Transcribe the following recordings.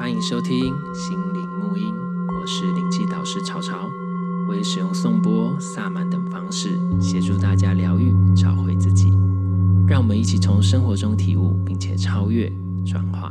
歡迎收聽心靈沐音，我是靈氣導師朝朝。我也使用頌缽、薩滿等方式，協助大家療癒、找回自己。讓我們一起從生活中體悟，並且超越、轉化。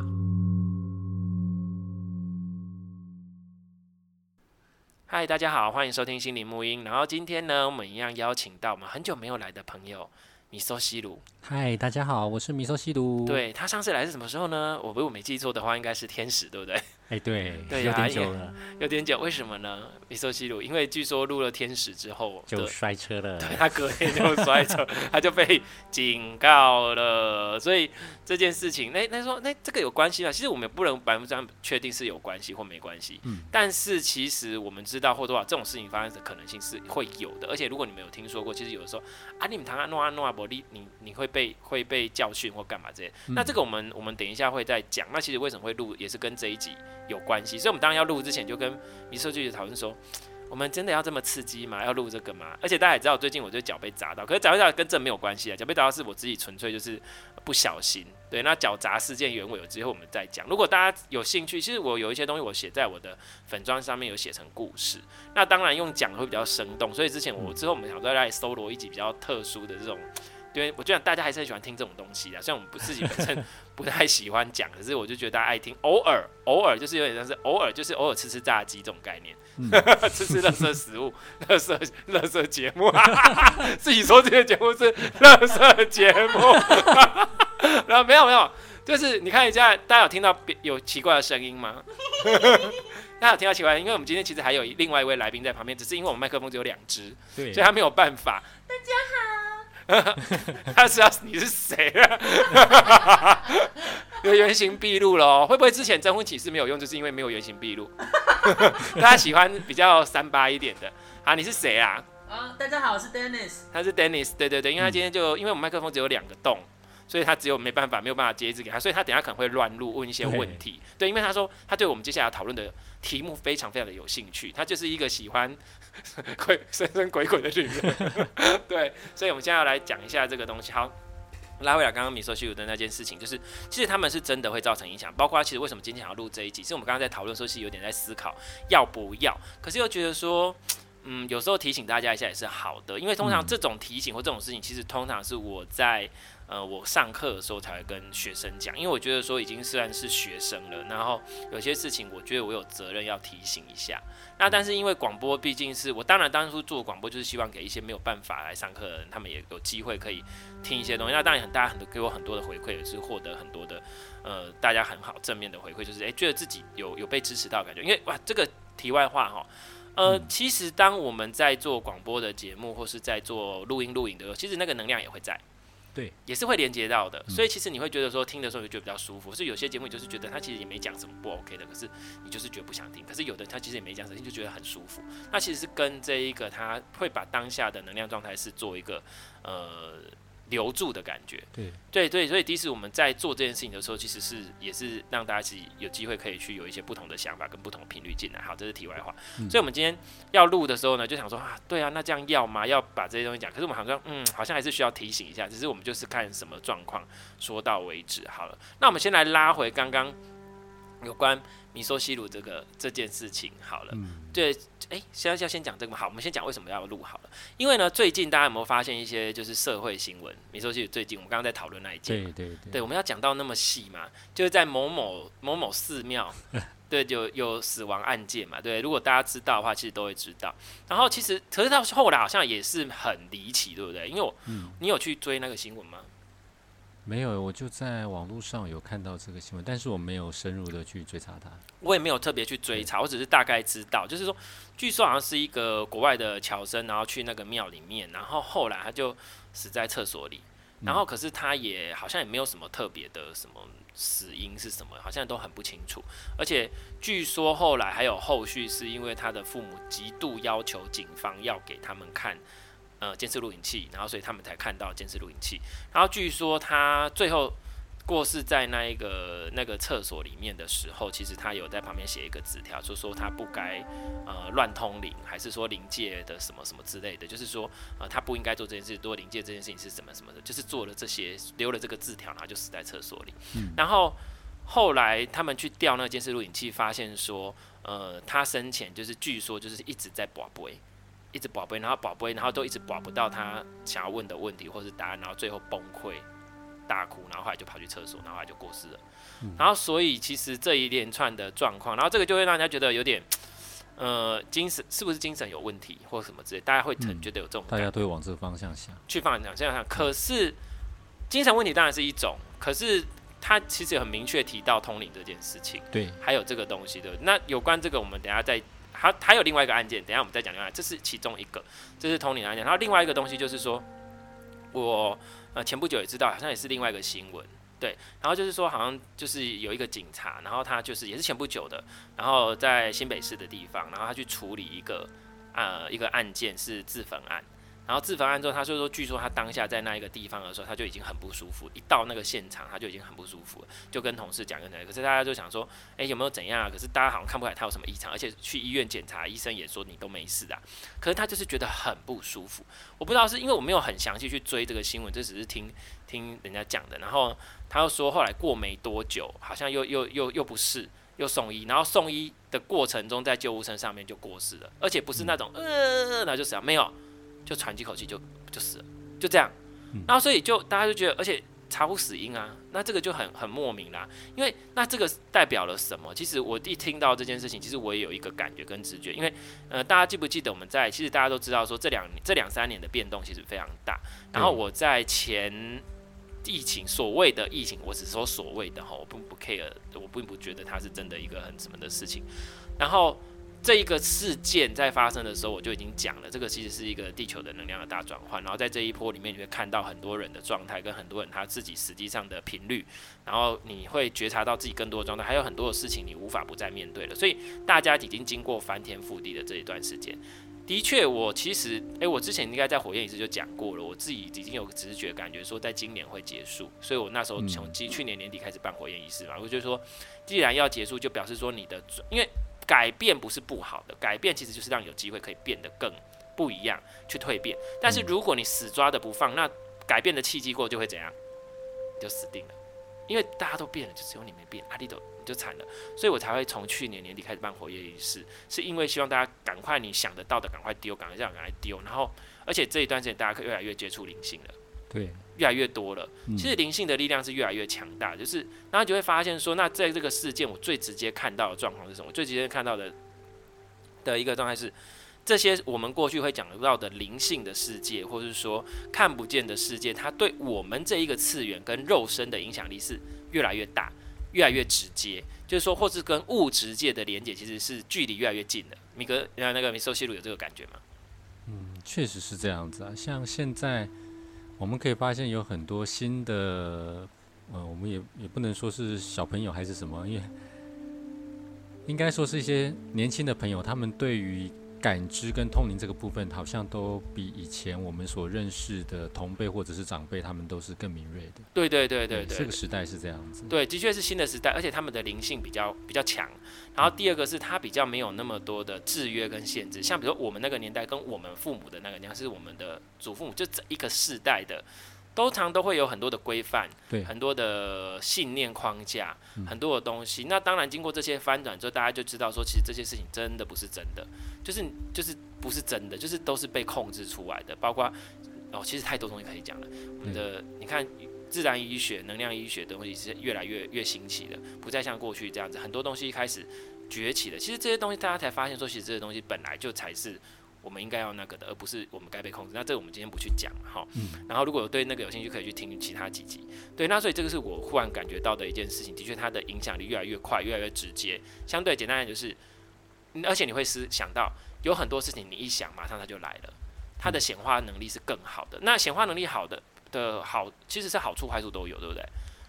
嗨，大家好，歡迎收聽心靈沐音。然後今天呢，我們一樣邀請到我們很久沒有來的朋友。米索西魯，嗨，大家好，我是米索西魯。對，他上次來是什麼時候呢？我如果沒記錯的話，應該是天使，對不對？哎、欸，對、啊，有點久了，有點久，為什麼呢？米索西魯，因為據說錄了天使之後就摔車了。對，對他隔天就摔車， 他就被警告了，所以這件事情，那、欸、那說，那、欸、這個有關係啊，其實我們也不能百分之百確定是有關係或沒關係，嗯、但是其實我們知道或多少這種事情發生的可能性是會有的，而且如果你沒有聽說過，其實有的時候啊，你們談啊諾啊諾啊伯利，你你會被會被教訓或幹嘛這些，嗯、那這個我們我們等一下會再講，那其實為什麼會錄也是跟這一集。有關係，所以我們當然要錄之前就跟米索西魯討論說，我們真的要這麼刺激嗎？要錄這個嗎？而且大家也知道，最近我就腳被砸到，可是腳被砸到跟這沒有關係啊。腳被砸到是我自己純粹就是不小心。對，那腳砸事件原委之後我們再講。如果大家有興趣，其實我有一些東西我寫在我的粉專上面有寫成故事，那當然用講會比較生動。所以之前我之後我們想再來搜羅一集比較特殊的這種。對，我覺得大家還是很喜歡聽這種東西的，雖然我們不自己本身不太喜歡講， 可是我就覺得大家愛聽。偶爾，偶爾就是有點像是偶爾，就是偶爾吃吃炸雞這種概念，嗯，呵呵，吃吃垃圾食物， 垃圾、垃圾節目，啊。自己說這些節目是垃圾節目。 然後沒有沒有，就是你看一下，大家有聽到別有奇怪的聲音嗎？ 大家有聽到奇怪？因為我們今天其實還有一另外一位來賓在旁邊，只是因為我們麥克風只有兩只，對，所以他沒有辦法。大家好。 他知道你是誰了， 有 原形畢露囉。會不會之前徵婚啟事沒有用，就是因為沒有原形畢露？大 家 喜歡比較三八一點的啊？你是誰啊？啊、哦，大家好，我是 Dennis。他是 Dennis，對對對，因為他今天就、嗯、因為我們麥克風只有兩個洞，所以他只有沒辦法沒有辦法接一支給他，所以他等下可能會亂錄問一些問題嘿嘿。對，因為他說他對我們接下來討論的題目非常非常的有興趣，他就是一個喜歡。鬼神、神鬼鬼的裡面，對，所以我們現在要來講一下這個東西。好，拉回來剛剛米索西魯的那件事情，就是其實他們是真的會造成影響，包括其實為什麼今天想要錄這一集，是我們剛剛在討論的時候，是有點在思考要不要，可是又覺得說。嗯，有時候提醒大家一下也是好的，因為通常這種提醒或這種事情，嗯、其實通常是我在呃我上課的時候才會跟學生講，因為我覺得說已經雖然是學生了，然後有些事情我覺得我有責任要提醒一下。那但是因為廣播畢竟是我，當然當初做廣播就是希望給一些沒有辦法來上課的人，他們也有機會可以聽一些東西。那當然很大，大家很多給我很多的回饋，也是獲得很多的呃大家很好正面的回饋，就是哎、欸、覺得自己有有被支持到的感覺。因為哇，這個題外話哈。呃，其實當我們在做廣播的節目，或是在做錄音錄影的時候，其實那個能量也會在，對，也是會連接到的。所以其實你會覺得說聽的時候就覺得比較舒服。所以有些節目就是覺得他其實也沒講什麼不 OK 的，可是你就是覺得不想聽。可是有的他其實也沒講什麼，你就覺得很舒服。那其實是跟這一個他會把當下的能量狀態是做一個呃。留住的感覺，對對對，所以即使我們在做這件事情的時候，其實是也是讓大家自己有機會可以去有一些不同的想法跟不同頻率進來。好，這是題外話。所以我們今天要錄的時候呢，就想說啊，對啊，那這樣要嗎？要把這些東西講？可是我們想說，嗯，好像還是需要提醒一下，只是我們就是看什麼狀況說到為止好了。那我們先來拉回剛剛有關。米索西魯這個這件事情好了，嗯、對，哎、欸，先要先講這個嘛好，我們先講為什麼要錄好了，因為呢，最近大家有沒有發現一些就是社會新聞？米索西魯最近，我們剛剛在討論那一件，對，對對對，我們要講到那麼細嘛，就是在某某某某，某寺廟， 對，就有，有死亡案件嘛，對，如果大家知道的話，其實都會知道。然後其實可是到後來好像也是很離奇，對不對？因為我，嗯、你有去追那個新聞嗎？沒有，我就在網絡上有看到這個新聞，但是我沒有深入的去追查他。我也沒有特別去追查，我只是大概知道，就是說，據說好像是一個國外的僑生，然後去那個廟裡面，然後後來他就死在廁所裡，然後可是他也好像也沒有什麼特別的什麼死因是什麼，好像都很不清楚。而且據說後來還有後續，是因為他的父母極度要求警方要給他們看。呃，監視錄影器，然後所以他們才看到監視錄影器。然後據說他最後過世在那一個那個廁所裡面的時候，其實他有在旁邊寫一個紙條，就是說他不該呃亂通靈，還是說靈界的什麼什麼之類的，就是說呃他不應該做這件事情，做靈界這件事情是什麼什麼的，就是做了這些，留了這個字條，然後就死在廁所裡。嗯，然後後來他們去調那個監視錄影器，發現說呃他生前就是據說就是一直在賭博。一直寶貝，然後寶貝，然後都一直保不到他想要問的問題或是答案，然後最後崩潰大哭，然後後來就跑去廁所，然後後來就過世了，嗯。然後所以其實這一連串的狀況，然後這個就會讓人家覺得有點，呃，精神是不是精神有問題或什麼之類的，大家會疼、嗯、覺得有這種，大家都會往這個方向想，去放一想，這樣想。可是精神問題當然是一種，嗯、可是他其實很明確提到通靈這件事情，對，還有這個東西的。那有關這個，我們等下再。還還有另外一個案件，等一下我們再講另外一，這是其中一個，這是通靈案件。然後另外一個東西就是說，我呃前不久也知道，好像也是另外一個新聞，對。然後就是說好像就是有一個警察，然後他就是也是前不久的，然後在新北市的地方，然後他去處理一個呃一個案件是自焚案。然後自焚案之後，他就說，據說他當下在那一個地方的時候，他就已經很不舒服。一到那個現場，他就已經很不舒服了，就跟同事講，跟講。可是大家就想說，哎、欸，有沒有怎樣啊？可是大家好像看不出來他有什麼異常，而且去醫院檢查，醫生也說你都沒事啊。可是他就是覺得很不舒服。我不知道是因為我沒有很詳細去追這個新聞，這只是聽聽人家講的。然後他又說，後來過沒多久，好像又又又又不是，又送醫，然後送醫的過程中，在救護車上面就過世了，而且不是那種呃，那就是樣、啊，沒有。就喘幾口氣就就死了，就這樣，然後所以就大家就覺得，而且查無死因啊，那這個就很很莫名啦。因為那這個代表了什麼？其實我一聽到這件事情，其實我也有一個感覺跟直覺。因為呃，大家記不記得我們在？其實大家都知道說這兩這兩三年的變動其實非常大。然後我在前疫情、嗯、所謂的疫情，我只說所謂的哈，我並不，不 care，我並不，不覺得它是真的一個很什麼的事情。然後。這一個事件在發生的時候，我就已經講了，這個其實是一個地球的能量的大轉換。然後在這一波裡面，你會看到很多人的狀態，跟很多人他自己實際上的頻率，然後你會覺察到自己更多的狀態，還有很多的事情你無法不再面對了。所以大家已經經過翻天覆地的這一段時間，的確，我其實，誒，我之前應該在火焰儀式就講過了，我自己已經有直覺感覺說，在今年會結束。所以我那時候從去年年底開始辦火焰儀式嘛，我就說，既然要結束，就表示說你的，因為。改變不是不好的，改變其實就是讓你有機會可以變得更不一樣，去蛻變。但是如果你死抓的不放、嗯，那改變的契機過就會怎樣？你就死定了，因為大家都變了，就只有你沒變，啊，你都，你就慘了。所以我才會從去年年底開始辦火焰儀式，是因為希望大家趕快你想得到的趕快丟，趕快這樣趕快丟。然後，而且這一段時間大家可以越來越接觸靈性了。對。越來越多了，其實靈性的力量是越來越強大的。就是，那就會發現說，那在這個世界我，我最直接看到的狀況是什麼？最直接看到的的一個狀態是，這些我們過去會講到的靈性的世界，或者是說看不見的世界，它對我們這一個次元跟肉身的影響力是越來越大，越來越直接。就是說，或是跟物質界的連接，其實是距離越來越近的。米格，原來那個米索西魯有這個感覺嗎？嗯，確實是這樣子啊，像現在。我們可以發現有很多新的，呃，我們也也不能說是小朋友還是什麼，因為應該說是一些年輕的朋友，他們對於感知跟通靈這個部分，好像都比以前我們所認識的同輩或者是長輩，他們都是更敏銳的。對對，對對對對對，這個時代是這樣子。對，的確是新的時代，而且他們的靈性比較比較強。然後第二個是，他比較沒有那麼多的制約跟限制。嗯，像比如說，我們那個年代跟我們父母的那個年代是我們的祖父母，就這一個世代的，通常都會有很多的規範，對，很多的信念框架、嗯，很多的東西。那當然，經過這些翻轉之後，大家就知道說，其實這些事情真的不是真的，就是就是不是真的，就是都是被控制出來的。包括哦，其實太多東西可以講了。我們的你看，自然醫學、能量醫學的東西是越來越越新奇的，不再像過去這樣子。很多東西一開始崛起了，其實這些東西大家才發現說，其實這些東西本來就才是。我們應該要那個的，而不是我們該被控制。那這個我們今天不去講哈。嗯，然後，如果對那個有興趣，可以去聽其他幾集。對，那所以這個是我忽然感覺到的一件事情，的確它的影響力越來越快，越來越直接。相對簡單一點就是，而且你會思想到有很多事情，你一想馬上它就來了，它的顯化能力是更好的。那顯化能力好的的好，其實是好處壞處都有，對不對？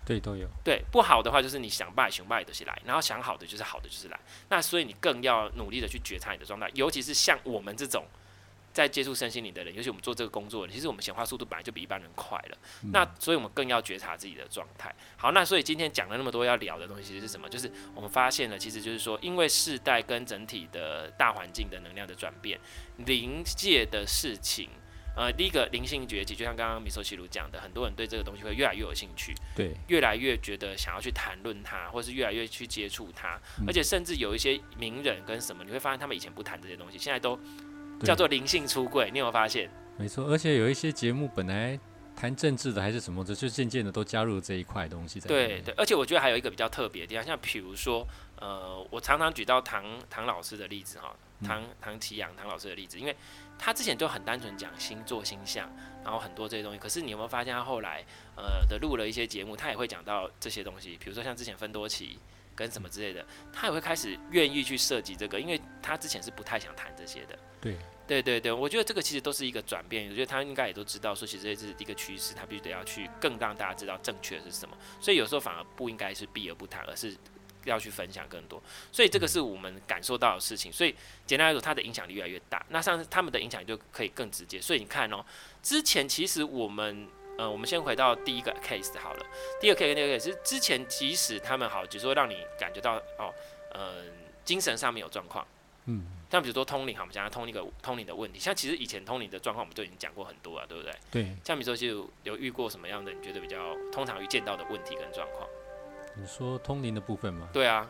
對，都有。對不好的話，就是你想敗、想敗都是來；然後想好的，就是好的，就是來。那所以你更要努力的去覺察你的狀態，尤其是像我們這種在接觸身心靈的人，尤其我們做這個工作的人，其實我們顯化速度本來就比一般人快了、嗯。那所以我們更要覺察自己的狀態。好，那所以今天講了那麼多要聊的東西是什麼？就是我們發現了，其實就是說，因為世代跟整體的大環境的能量的轉變，臨界的事情。呃，第一個靈性崛起，就像剛剛米索西魯講的，很多人對這個東西會越來越有興趣，對，越來越覺得想要去談論它，或是越來越去接觸它、嗯，而且甚至有一些名人跟什麼，你會發現他們以前不談這些東西，現在都叫做靈性出櫃。你有沒有發現？沒錯，而且有一些節目本來談政治的，還是什麼，這就漸漸的都加入這一塊東西在。對對，而且我覺得還有一個比較特別的地方，像比如說，呃，我常常舉到唐唐老師的例子哈，唐、嗯、唐綺陽唐老師的例子，因為。他之前就很單純講星座星象，然後很多這些東西。可是你有沒有發現他後來呃的錄了一些節目，他也會講到這些東西，比如說像之前芬多奇跟什麼之類的，他也會開始願意去涉及這個，因為他之前是不太想談這些的。對對對對，我覺得這個其實都是一個轉變。我覺得他應該也都知道說，其實這是一個趨勢，他必須得要去更讓大家知道正確是什麼。所以有時候反而不應該是避而不談，而是。要去分享更多，所以這個是我們感受到的事情。所以簡單來說，它的影響力越來越大。那上次他們的影響力就可以更直接。所以你看哦，之前其實我們，嗯，我們先回到第一個 case 好了。第二個 case 跟第二個 case 是之前，即使他們好，就是說讓你感覺到哦，嗯，精神上面有狀況，嗯，像比如說通靈，好，我們講通靈通靈的問題。像其實以前通靈的狀況，我們都已經講過很多了，對不對？對。像比如說，就有遇過什麼樣的？你覺得比較通常遇見到的問題跟狀況？你說通靈的部分嗎？對啊，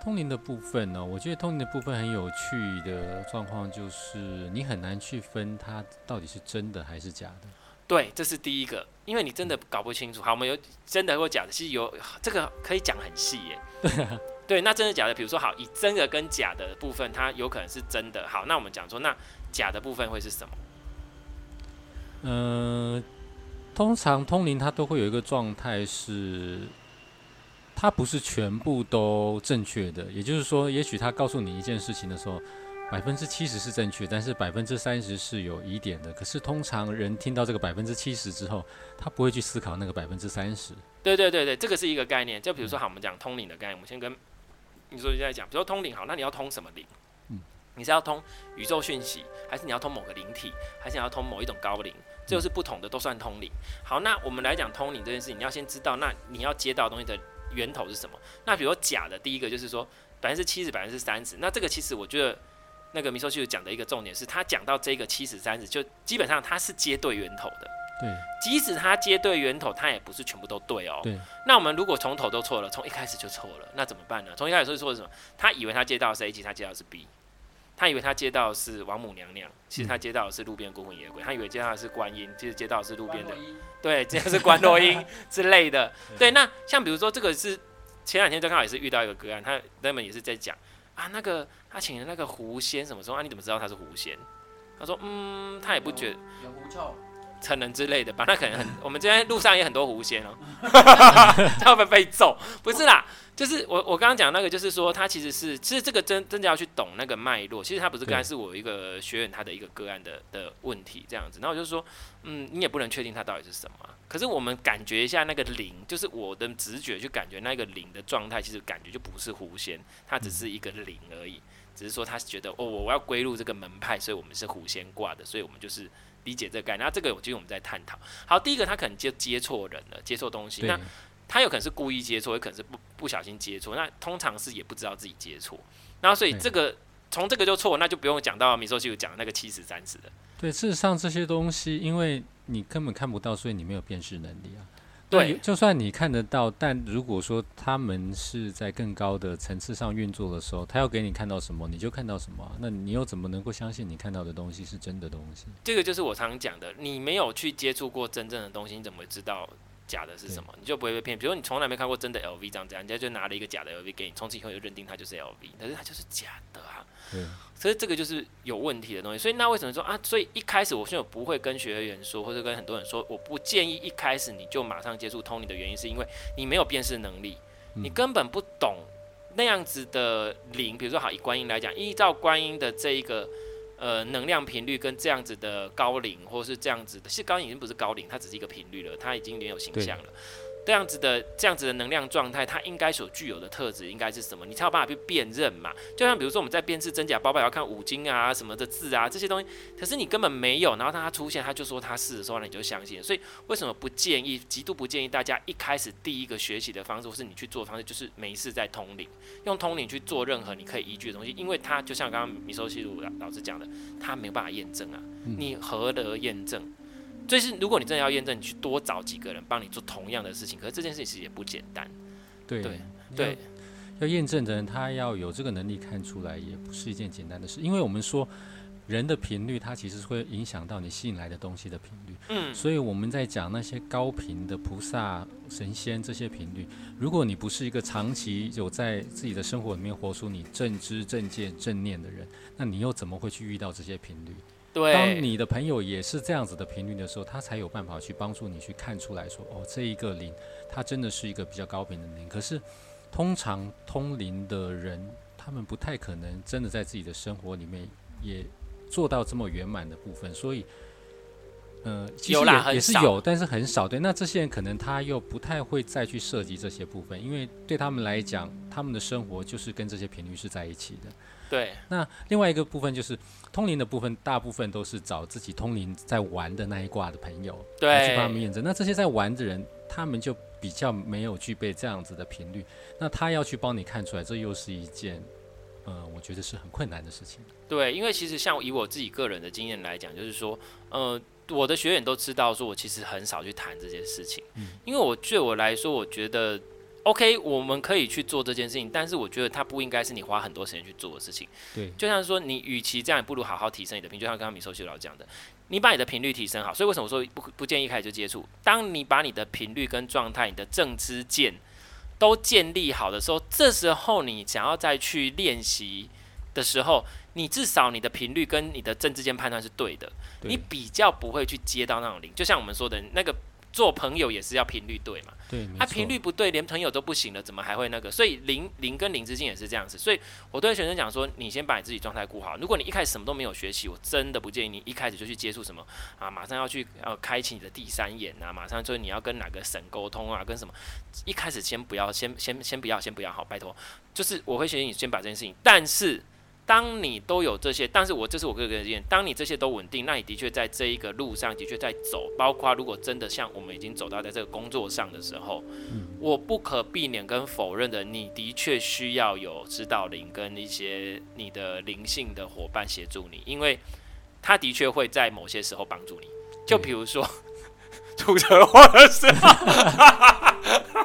通靈的部分呢、喔，我覺得通靈的部分很有趣的狀況就是，你很難去分它到底是真的還是假的。對，這是第一個，因為你真的搞不清楚。好，我們有真的或假的，其實有這個可以講很細耶。 對，那真的假的，比如說好，以真的跟假的部分，它有可能是真的。好，那我們講說，那假的部分會是什麼？嗯、呃，通常通靈它都會有一個狀態是。嗯它不是全部都正確的，也就是說，也許他告訴你一件事情的時候，百分之七十是正確，但是百分之三十是有疑點的。可是通常人聽到這個百分之七十之後，他不會去思考那個百分之三十。對對對對，這個是一個概念。就比如說，哈，我們講通靈的概念、嗯，我們先跟你說一下講。比如說通靈，好，那你要通什麼靈？嗯，你是要通宇宙訊息，還是你要通某個靈體，還是你要通某一種高靈？這就是不同的，嗯、都算通靈。好，那我們來講通靈這件事情，你要先知道，那你要接到東西的源頭是什麼？那比如假的，第一個就是說，百分之七十百分之三十，那這個其實我覺得，那個米索西魯講的一個重點是，他講到這個七十三十，就基本上他是接對源頭的。對，即使他接對源頭，他也不是全部都對哦。對。那我們如果從頭都錯了，從一開始就錯了，那怎麼辦呢？從一開始說錯了是什麼？他以為他接到的是 A，其實他接到的是 B。他以為他接到的是王母娘娘，其實他接到的是路邊孤魂野鬼。嗯。他以為接到的是觀音，其實接到的是路邊的，對，接到是觀落陰之類的。嗯、對，那像比如說這個是前兩天就剛好也是遇到一個個案，他他們也是在講啊，那個他請的那個狐仙什麼時候啊，你怎麼知道他是狐仙？他說嗯，他也不覺得有狐臭。成人之類的吧，那可能很。 我們今天路上也很多狐仙哦 他會不會被揍？不是啦，就是我我剛剛講那個，就是說他其實是，其實這個真真的要去懂那個脈絡。其實他不是個案，是我一個學員他的一個個案的的問題這樣子。然後我就說，嗯，你也不能確定他到底是什麼啊？可是我們感覺一下那個靈，就是我的直覺就感覺那個靈的狀態，其實感覺就不是狐仙，它只是一個靈而已。只是說他是覺得哦，我我要歸入這個門派，所以我們是狐仙掛的，所以我們就是。理解這個概念，那這個我覺得我們在探討。好，第一個他可能就接接錯人了，接錯東西。那他有可能是故意接錯，也可能是不不小心接錯。那通常是也不知道自己接錯。那所以這個從這個就錯，那就不用講到米索西魯有講的那個七十三十的。對，事實上這些東西，因為你根本看不到，所以你沒有辨識能力啊。對，就算你看得到，但如果說他們是在更高的層次上運作的時候，他要給你看到什麼，你就看到什麼。那你又怎麼能夠相信你看到的東西是真的東西？這個就是我常講的，你沒有去接觸過真正的東西，你怎麼知道？假的是什麼，你就不會被騙。比如你從來沒看過真的 LV 這樣子，人家就拿了一個假的 LV 給你，從此以後就認定它就是 LV，可是它就是假的啊，嗯。所以這個就是有問題的東西。所以那為什麼說啊？所以一開始我就不會跟學員說，或者跟很多人說，我不建議一開始你就馬上接觸通靈的原因，是因為你沒有辨識能力，嗯、你根本不懂那樣子的靈。比如說好以觀音來講，依照觀音的這一個。呃，能量頻率跟這樣子的高靈，或是這樣子的，其實高靈已經不是高靈，它只是一個頻率了，它已經沒有形象了。這樣子的這樣子的能量狀態，它應該所具有的特質應該是什麼？你才有辦法去辨認嘛。就像比如說我們在辨識真假包包要看五金啊、什麼的字啊、這些東西，可是你根本沒有。然後當它出現，他就說它是的時候，那你就相信。所以為什麼不建議？極度不建議大家一開始第一個學習的方式，或是你去做的方式，就是沒事在通靈，用通靈去做任何你可以依據的東西，因為它就像剛剛米索西魯老老師講的，它沒有辦法驗證啊，你何德驗證？嗯就是如果你真的要驗證，你去多找幾個人幫你做同樣的事情，可是這件事情其實也不簡單。對對對，要驗證的人，他要有這個能力看出來，也不是一件簡單的事。因為我們說人的頻率，它其實會影響到你吸引來的東西的頻率。嗯，所以我們在講那些高頻的菩薩、神仙這些頻率，如果你不是一個長期有在自己的生活裡面活出你正知、正見、正念的人，那你又怎麼會去遇到這些頻率？對，當你的朋友也是這樣子的頻率的時候，他才有辦法去幫助你去看出來說，哦，這一個靈，它真的是一個比較高頻的靈。可是，通常通靈的人，他們不太可能真的在自己的生活裡面也做到這麼圓滿的部分。所以，呃，其實也，也是有，但是很少。對，那這些人可能他又不太會再去涉及這些部分，因為對他們來講，他們的生活就是跟這些頻率是在一起的。對，那另外一個部分就是通靈的部分，大部分都是找自己通靈在玩的那一掛的朋友，對，去幫他們驗證。那這些在玩的人，他們就比較沒有具備這樣子的頻率，那他要去幫你看出來，這又是一件，呃，我覺得是很困難的事情。對，因為其實像以我自己個人的經驗來講，就是說，呃，我的學員都知道，說我其實很少去談這些事情，嗯，因為我對我來說，我覺得。OK，我們可以去做這件事情，但是我覺得它不應該是你花很多時間去做的事情。對，就像說你，與其這樣，不如好好提升你的頻率，就像剛剛米索西魯老師講的，你把你的頻率提升好。所以為什麼說不不建議一開始就接觸？當你把你的頻率跟狀態、你的正知見都建立好的時候，這時候你想要再去練習的時候，你至少你的頻率跟你的正知見判斷是對的對，你比較不會去接到那種靈。就像我們說的那個。做朋友也是要頻率對嘛？對，它、啊、頻率不對，連朋友都不行了，怎麼還會那個？所以靈靈跟靈之間也是這樣子。所以我對學生講說：你先把你自己狀態顧好。如果你一開始什麼都沒有學習，我真的不建議你一開始就去接觸什麼啊，馬上要去要、啊、開啟你的第三眼啊，馬上就是你要跟哪個神溝通啊，跟什麼，一開始先不要，先先先不要，先不要，好，拜托。就是我會建議你先把這件事情，但是。當你都有這些，但是我這是我個人的經驗，當你這些都穩定，那你的確在這一個路上的確在走。包括如果真的像我們已經走到在這個工作上的時候，嗯、我不可避免跟否認的，你的確需要有指導靈跟一些你的靈性的伙伴協助你，因為他的確會在某些時候幫助你。就比如說吐人話的時候，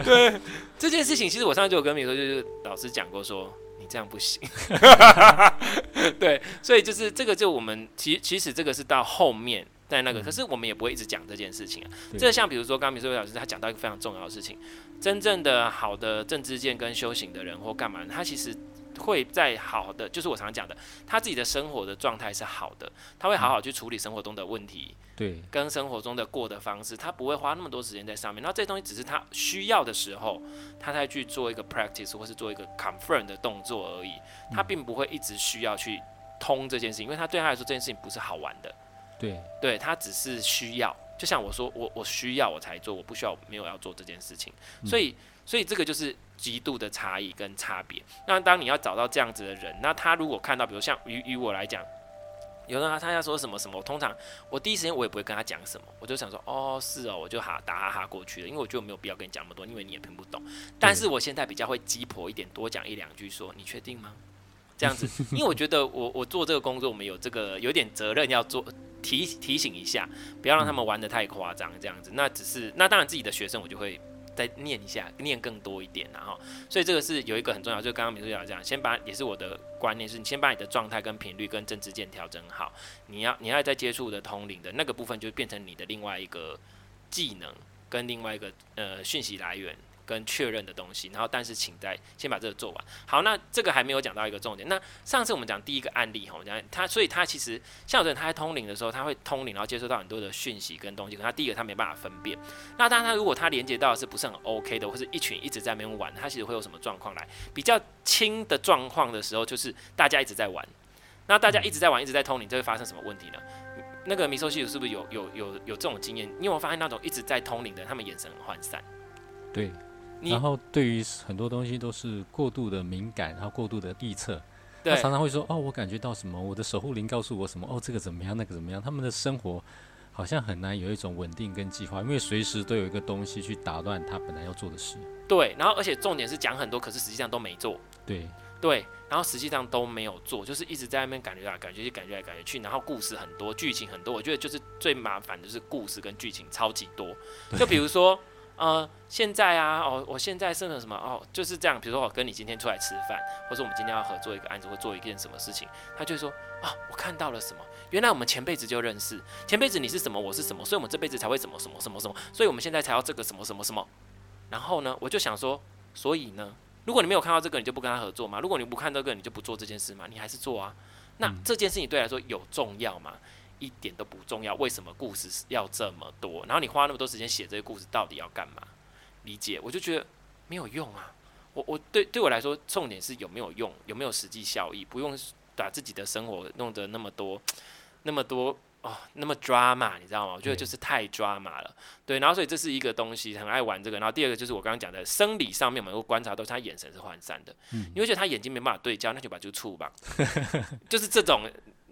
對 這件事情，其實我上次就有跟你說，就是老師講過說。你這樣不行 對，所以就是這個，就我們其其實這個是到後面在那個，嗯、可是我們也不會一直講這件事情啊。這、嗯、像比如說剛剛米索西魯老師，他講到一個非常重要的事情，真正的好的正知見跟修行的人或幹嘛，他其實。會在好的，就是我常常講的，他自己的生活的狀態是好的，他會好好去處理生活中的問題，嗯、對，跟生活中的過的方式，他不會花那麼多時間在上面。那這東西只是他需要的時候，他才去做一個 practice 或是做一個 confirm 的動作而已，他並不會一直需要去通這件事情，因為他對他來說這件事情不是好玩的，對，對他只是需要，就像我說，我我需要我才做，我不需要沒有要做這件事情，嗯、所以。所以這個就是極度的差異跟差別。那當你要找到這樣子的人，那他如果看到，比如像與我來講，有人他，他要說什麼什麼，我通常我第一時間我也不會跟他講什麼，我就想說，哦是哦，我就哈打哈、啊、哈、啊、過去了，因為我覺得沒有必要跟你講那麼多，因為你也聽不懂。但是我現在比較會雞婆一點，多講一兩句說，說你確定嗎？這樣子，因為我覺得我我做這個工作，我們有這個有點責任要做提提醒一下，不要讓他們玩得太誇張，這樣子。那只是那當然自己的學生，我就會。再念一下，念更多一點，然後，所以這個是有一個很重要，就剛剛明叔講這樣，先把也是我的觀念，是你先把你的狀態跟頻率跟正知見調整好，你要你要再接觸的通靈的那個部分，就變成你的另外一個技能跟另外一個呃訊息來源。跟確認的東西，然後但是請在先把這個做完。好，那這個還沒有講到一個重點。那上次我們講第一個案例吼，講他，所以他其實像有的人，他在通靈的時候，他會通靈，然後接收到很多的訊息跟東西。可他第一個他沒辦法分辨。那當然，他如果他連接到是不是很 OK 的，或是一群一直在那邊玩，他其實會有什麼狀況來？比較輕的狀況的時候，就是大家一直在玩，那大家一直在玩，嗯、一直在玩，一直在通靈，這會發生什麼問題呢？那個米索西是不是有有有有這種經驗？你有沒有發現那種一直在通靈的，他們眼神很渙散。對。然後對於很多東西都是過度的敏感，然後過度的臆測，他常常會說：“哦，我感覺到什麼？我的守護靈告訴我什麼？哦，這個怎麼樣？那個怎麼樣？”他們的生活好像很難有一種穩定跟計劃，因為隨時都有一個東西去打亂他本來要做的事。對，然後而且重點是講很多，可是實際上都沒做。對對，然後實際上都沒有做，就是一直在那邊感覺到，感覺就感覺來感覺去，然後故事很多，劇情很多。我覺得就是最麻煩的就是故事跟劇情超級多，就比如說。 呃，現在啊，哦，我現在剩了什麼？哦，就是這樣。比如說，我跟你今天出來吃飯，或者我們今天要合作一個案子，或做一件什麼事情，他就會說啊、哦，我看到了什麼？原來我們前輩子就認識，前輩子你是什麼，我是什麼，所以我們這輩子才會什麼什麼什麼什麼，所以我們現在才要這個什麼什麼什麼。然後呢，我就想說，所以呢，如果你沒有看到這個，你就不跟他合作嘛？如果你不看這個，你就不做這件事嘛？你還是做啊？那這件事你對他來說有重要嗎？一點都不重要，為什麼故事要這麼多？然後你花那麼多時間寫這個故事，到底要幹嘛？理解？我就覺得沒有用啊。我我對對我來說，重點是有沒有用，有沒有實際效益，不用把自己的生活弄得那麼多、那麼多啊、哦，那麼抓馬，你知道嗎？我覺得就是太抓馬了對。對，然後所以這是一個東西，很愛玩這個。然後第二個就是我剛剛講的生理上面，我們觀察到他眼神是渙散的，嗯，因為覺得他眼睛沒辦法對焦，那就把他就觸吧， 就是這種。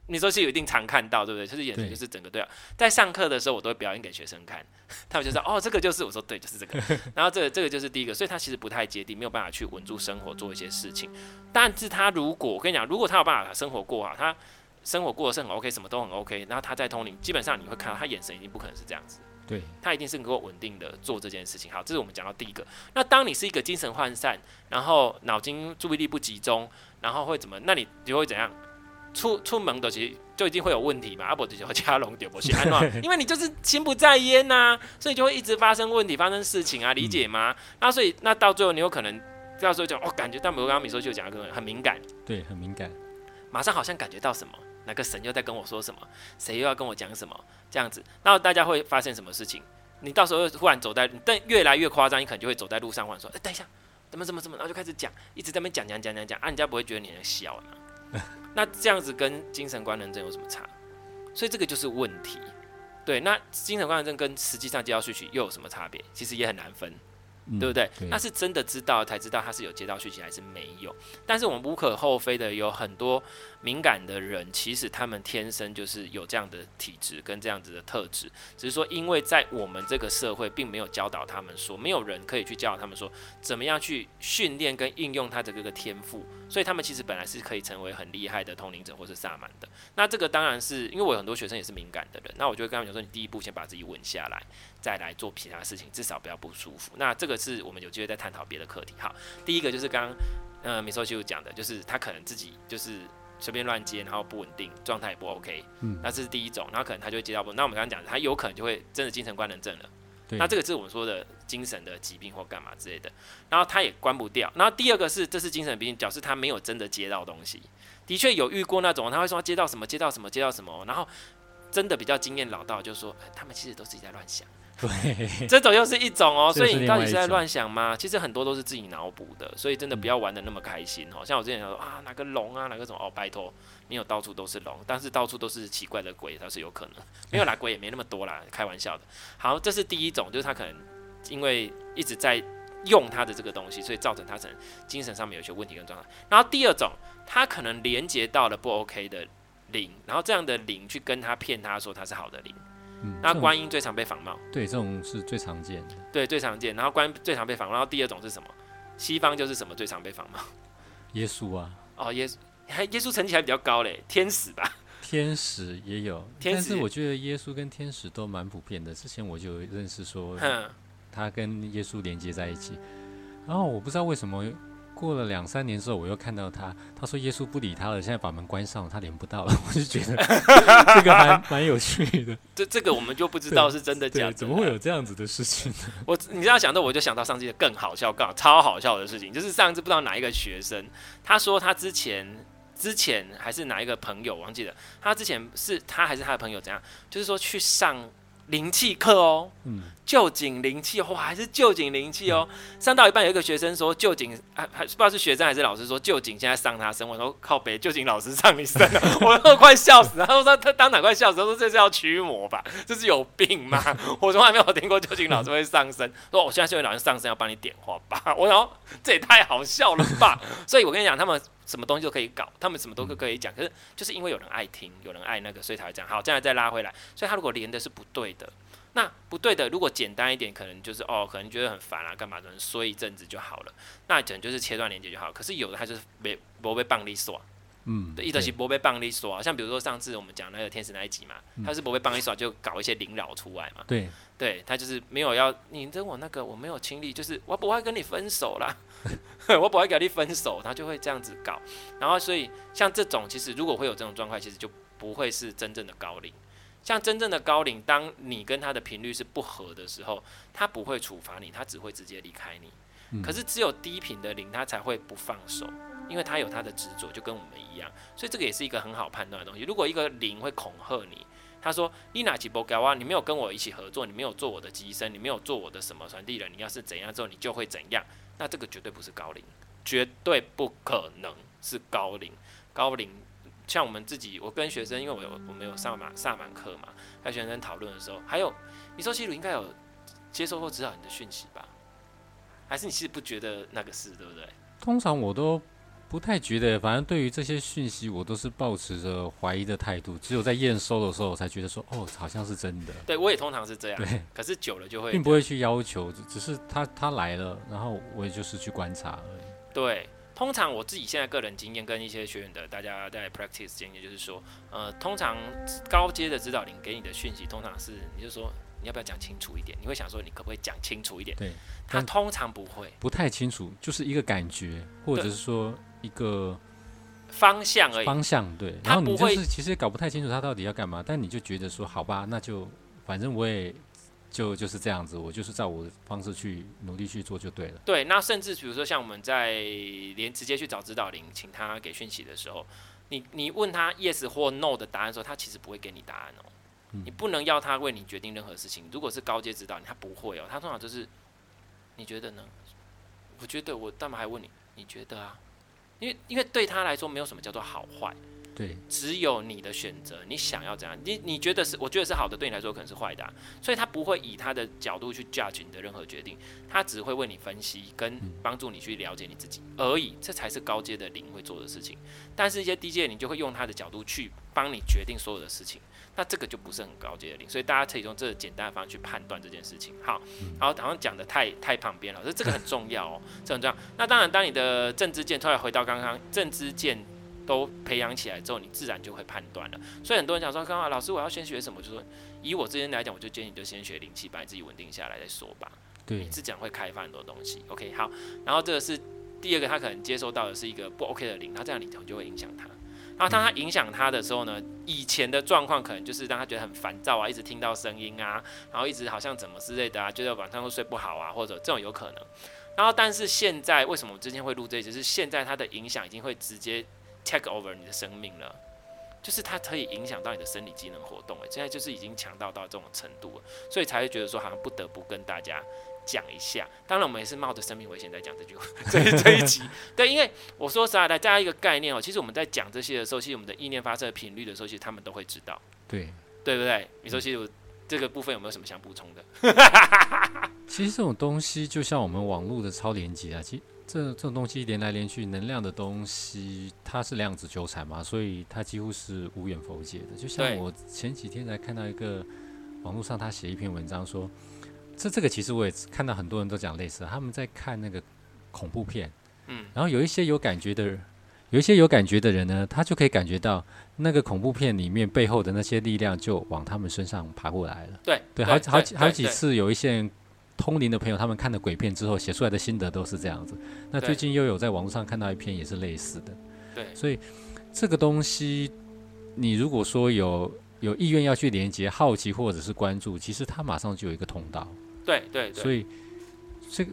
你說是有一定常看到，對不對？就是眼神，就是整個對，對啊。在上課的時候，我都會表演給學生看，他們就說：“ 哦，這個就是。”我說：“對，就是這個。”然後這個這個就是第一個，所以他其實不太接地，沒有辦法去穩住生活，做一些事情。但是他如果我跟你講，如果他有辦法生活過好、啊，他生活過得很 OK，什麼都很 OK。然後他在通靈，基本上你會看到他眼神已經不可能是這樣子，對他一定是能夠穩定的做這件事情。好，這是我們講到第一個。那當你是一個精神渙散，然後腦筋注意力不集中，然後會怎麼？那你就會怎樣？出出門的其實就一定會有問題嘛，阿、啊、伯就叫加龍點波鞋，因 為因為你就是心不在焉吶、啊，所以就會一直發生問題，發生事情啊，理解嗎？嗯、那所以那到最後你有可能到時候講哦，感覺，但比如剛剛你說就講的很，很敏感，對，很敏感，馬上好像感覺到什麼，哪個神又在跟我說什麼，誰又要跟我講什麼，這樣子，那大家會發生什麼事情？你到時候忽然走在，但越來越誇張，你可能就會走在路上，或者說，哎、欸，等一下，怎麼怎麼怎麼，然後就開始講，一直在那邊講講講講講啊，人家不會覺得你很笑 那這樣子跟精神官能症有什麼差？所以這個就是問題。對，那精神官能症跟實際上接到訊息又有什麼差別？其實也很難分，嗯，對不對？對。那是真的知道才知道他是有接到訊息還是沒有。但是我們無可厚非的，有很多敏感的人，其實他們天生就是有這樣的體質跟這樣子的特質，只是說因為在我們這個社會並沒有教導他們說，沒有人可以去教導他們說，怎麼樣去訓練跟應用他的這個天賦。所以他們其實本來是可以成為很厲害的通靈者或是薩滿的。那這個當然是因為我有很多學生也是敏感的人，那我就會跟他們講說，你第一步先把自己穩下來，再來做其他事情，至少不要不舒服。那這個是我們有機會再探討別的課題。好，第一個就是剛呃米索西魯講的，就是他可能自己就是隨便亂接，然後不穩定，狀態也不 OK。嗯，那這是第一種，那可能他就會接到不，那我們剛剛講的他有可能就會真的精神官能症了。那這個是我們說的精神的疾病或幹嘛之類的，然後他也關不掉。然後第二個是，這是精神病，表示他沒有真的接到東西。的確有遇過那種，他會說他接到什麼，接到什麼，接到什麼，然後。真的比較經驗老道，就是說他們其實都自己在亂想。對，這種又是一種哦、喔，所以你到底是在亂想嗎？其實很多都是自己腦補的，所以真的不要玩得那麼開心哦、喔嗯。像我之前說啊，哪個龍啊，哪個什麼哦，拜托，沒有到處都是龍，但是到處都是奇怪的鬼，它是有可能。沒有啦， 鬼也沒那麼多啦，開玩笑的。好，這是第一種，就是他可能因為一直在用他的這個東西，所以造成他可能精神上面有些問題跟狀態。然後第二種，他可能連接到了不 OK 的靈，然後這樣的靈去跟他騙他說他是好的靈。那、嗯、觀音最常被仿冒、嗯。對，這種是最常見的，對最常見。然後觀最常被仿，然後第二種是什麼？西方就是什麼最常被仿冒？耶穌啊。哦，耶穌還耶穌層級還比較高嘞，天使吧。天使也有，但是我覺得耶穌跟天使都蠻普遍的。之前我就認識說，他跟耶穌連接在一起，然後我不知道為什麼。過了兩三年之後，我又看到他，他說耶穌不理他了，現在把門關上了，他連不到了。我就覺得 這個還蠻有趣的。這 這個我們就不知道是真的假的啊，怎麼會有這樣子的事情呢？我你這樣想到，我就想到上次更好笑，更好超好笑的事情，就是上次不知道哪一個學生，他說他之前之前還是哪一個朋友，忘記了，他之前是他還是他的朋友怎樣？就是說去上靈氣課哦，嗯。臼井靈氣哇，還是臼井靈氣哦。上到一半，有一個學生說臼井，還還、啊、不知道是學生還是老師說臼井現在上他身，我說靠北臼井老師上你身了， 我都快笑死了。他說他當場快笑死，說這是要驅魔吧，這是有病嗎？ 我從來沒有聽過臼井老師會上身， 說我、哦、現在就為老師上身要幫你點化吧。我想說這也太好笑了吧。 所以我跟你講，他們什麼東西都可以搞，他們什麼東西都可以講，可是就是因為有人愛聽，有人愛那個，所以才會這樣。好，這樣再拉回來，所以他如果連的是不對的。那不對的，如果簡單一點，可能就是哦，可能覺得很煩啦、啊，幹嘛？的，可能說一陣子就好了，那可能就是切斷連接就好。可是有的他就是被不會棒利耍，嗯，對，一直是不會棒利啊。像比如說上次我們講那個天使那一集嘛，嗯、他是不會棒利耍，就搞一些靈擾出來嘛，對，對他就是沒有要你跟我那個，我沒有親力，就是我不會跟你分手啦， 我不會跟你分手，他就會這樣子搞。然後所以像這種其實如果會有這種狀況，其實就不會是真正的高靈。像真正的高靈，當你跟他的頻率是不合的時候，他不會處罰你，他只會直接離開你。可是只有低頻的靈，他才會不放手，因為他有他的執着，就跟我們一樣。所以這個也是一個很好判斷的東西。如果一個靈會恐嚇你，他說：“你拿起波蓋瓦，你沒有跟我一起合作，你沒有做我的機身，你沒有做我的什麼傳遞人，你要是怎樣做，你就會怎樣。”那這個絕對不是高靈，絕對不可能是高靈。高靈。像我們自己，我跟學生，因為我有，我們有上，上嘛，上完課嘛，跟學生討論的時候，還有，你說西魯應該有接受或指導你的訊息吧？還是你其實不覺得那個事，對不對？通常我都不太覺得，反正對於這些訊息，我都是抱持着懷疑的態度。只有在驗收的時候，我才覺得說，哦，好像是真的。對我也通常是這樣。可是久了就會，並不會去要求，只是他他來了，然後我也就是去觀察而已。對。通常我自己現在個人經驗跟一些學員的大家在 practice 經驗，就是說，呃，通常高階的指導靈給你的訊息，通常是，你就說你要不要講清楚一點？你會想說你可不可以講清楚一點？對，他通常不會，不太清楚，就是一個感覺，或者是說一個方向而已。方向，對，然後你就是其實搞不太清楚他到底要幹嘛，但你就覺得說好吧，那就反正我也。嗯。就就是這樣子，我就是照我的方式去努力去做就對了。對，那甚至比如說像我們在連直接去找指導靈，請他給訊息的時候，你你問他 yes 或 no 的答案的時候，他其實不會給你答案哦、喔嗯。你不能要他為你決定任何事情。如果是高階指導人，他不會哦、喔。他通常就是，你覺得呢？我覺得我幹嘛還問你？你覺得啊？因為因為對他來說，沒有什麼叫做好壞。對，只有你的選擇，你想要怎樣，你你覺得是，我覺得是好的，對你來說可能是壞的、啊，所以他不會以他的角度去 judge 你的任何決定，他只會為你分析跟幫助你去了解你自己而已，這才是高階的靈會做的事情。但是一些低階靈就會用他的角度去幫你決定所有的事情，那這個就不是很高階的靈，所以大家可以用這個簡單的方式去判斷這件事情。好，嗯、好，然後好像講的太太旁邊了，所以這個很重要哦，這 很重要。那當然，當你的正知見，突然回到剛剛正知見。政治都培養起來之後，你自然就會判斷了。所以很多人想說，剛剛老師我要先學什麼？就說以我之前來講，我就建議你就先學靈氣，把你自己穩定下來再說吧。對，你自己會開發很多東西。OK，好。然後這個是第二個，他可能接收到的是一個不 OK 的靈，他這樣裡頭就會影響他。然後當他影響他的時候呢，以前的狀況可能就是讓他覺得很煩躁啊，一直聽到聲音啊，然後一直好像怎麼之類的啊，覺得晚上會睡不好啊，或者這種有可能。然後但是現在為什麼我之前會錄這一集？是現在他的影響已經會直接。take over 你的生命了，就是它可以影響到你的生理機能活動、欸。哎，現在就是已經強到到這種程度了，所以才會覺得說好像不得不跟大家講一下。當然，我們也是冒着生命危險在講這句話，這一這一集。 對，因為我說實在的，大家一個概念哦、喔，其實我們在講這些的時候，其實我們的意念發射頻率的時候，其實他們都會知道。對，對不對？你說，其實這個部分有沒有什麼想補充的？ 其實這種東西就像我們網絡的超連接啊，其實這這種東西連來連去，能量的東西它是量子糾纏嘛，所以它幾乎是無遠弗屆的。就像我前幾天才看到一個網絡上，他寫一篇文章說，這這個其實我也看到很多人都講類似，他們在看那個恐怖片，嗯，然後有一些有感覺的人，有一些有感覺的人呢，他就可以感覺到那個恐怖片裡面背後的那些力量就往他們身上爬過來了。對對，好好幾好幾次有一些人，通靈的朋友，他們看了鬼片之後寫出來的心得都是這樣子。那，最近又有在網絡上看到一篇也是類似的。對，所以這個東西，你如果說有有意願要去連接、好奇或者是關注，其實它馬上就有一個通道。對對對，所以這個。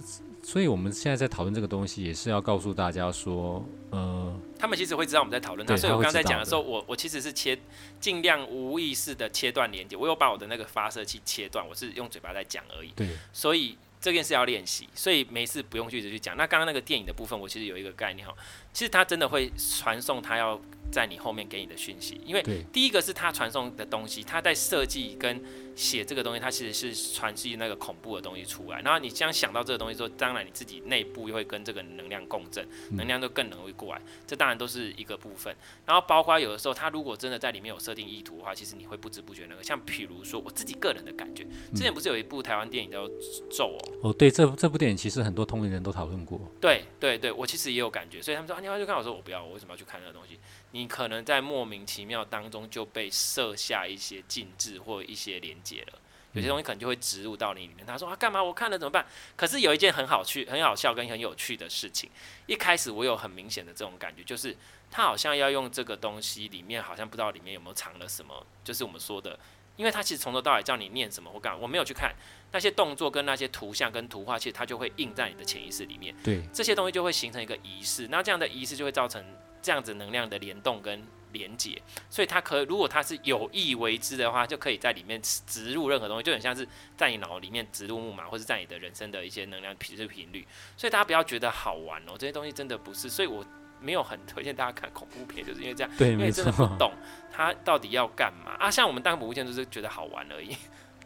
所以我們現在在討論這個東西，也是要告訴大家說，嗯、呃，他們其實會知道我們在討論他。對，所以我剛才講的時候，我我其實是切盡量無意識的切斷連接，我又把我的那個發射器切斷，我是用嘴巴在講而已。對，所以這件事要練習，所以沒事不用去一直去講。那剛剛那個電影的部分，我其實有一個概念哈。其實他真的會傳送他要在你後面給你的訊息，因為第一個是他傳送的東西，他在設計跟寫這個東西，他其實是傳遞那個恐怖的東西出來。然後你將想到這個東西之後，當然你自己內部又會跟這個能量共振，能量就更容易過來。這當然都是一個部分。然後包括有的時候，他如果真的在裡面有設定意圖的話，其實你會不知不覺那個。像比如說我自己個人的感覺，之前不是有一部台灣電影叫做、哦《咒》哦？哦，對，這部這部電影其實很多通靈人都討論過。對對對，我其實也有感覺，所以他們說。他就看，我說：“我不要，我為什麼要去看那個東西？”你可能在莫名其妙當中就被設下一些禁制或一些連接了。有些東西可能就會植入到你裡面。他說：“啊，幹嘛？我看了怎麼辦？”可是有一件很好趣、很好笑跟很有趣的事情。一開始我有很明顯的這種感覺，就是他好像要用這個東西，裡面好像不知道裡面有沒有藏了什麼，就是我們說的。因為它其實從頭到尾叫你念什麼，我講我沒有去看那些動作跟那些圖像跟圖畫，其實它就會印在你的潛意識裡面。對，這些東西就會形成一個儀式，那這樣的儀式就會造成這樣子能量的聯動跟連接。所以它可如果它是有意為之的話，就可以在裡面植入任何東西，就很像是在你腦裡面植入木馬，或是在你的人生的一些能量頻頻率。所以大家不要覺得好玩哦，這些東西真的不是。所以我。沒有很推薦大家看恐怖片，就是因為這樣， 因為真的不懂他到底要幹嘛 啊。像我們當恐怖片，就是覺得好玩而已。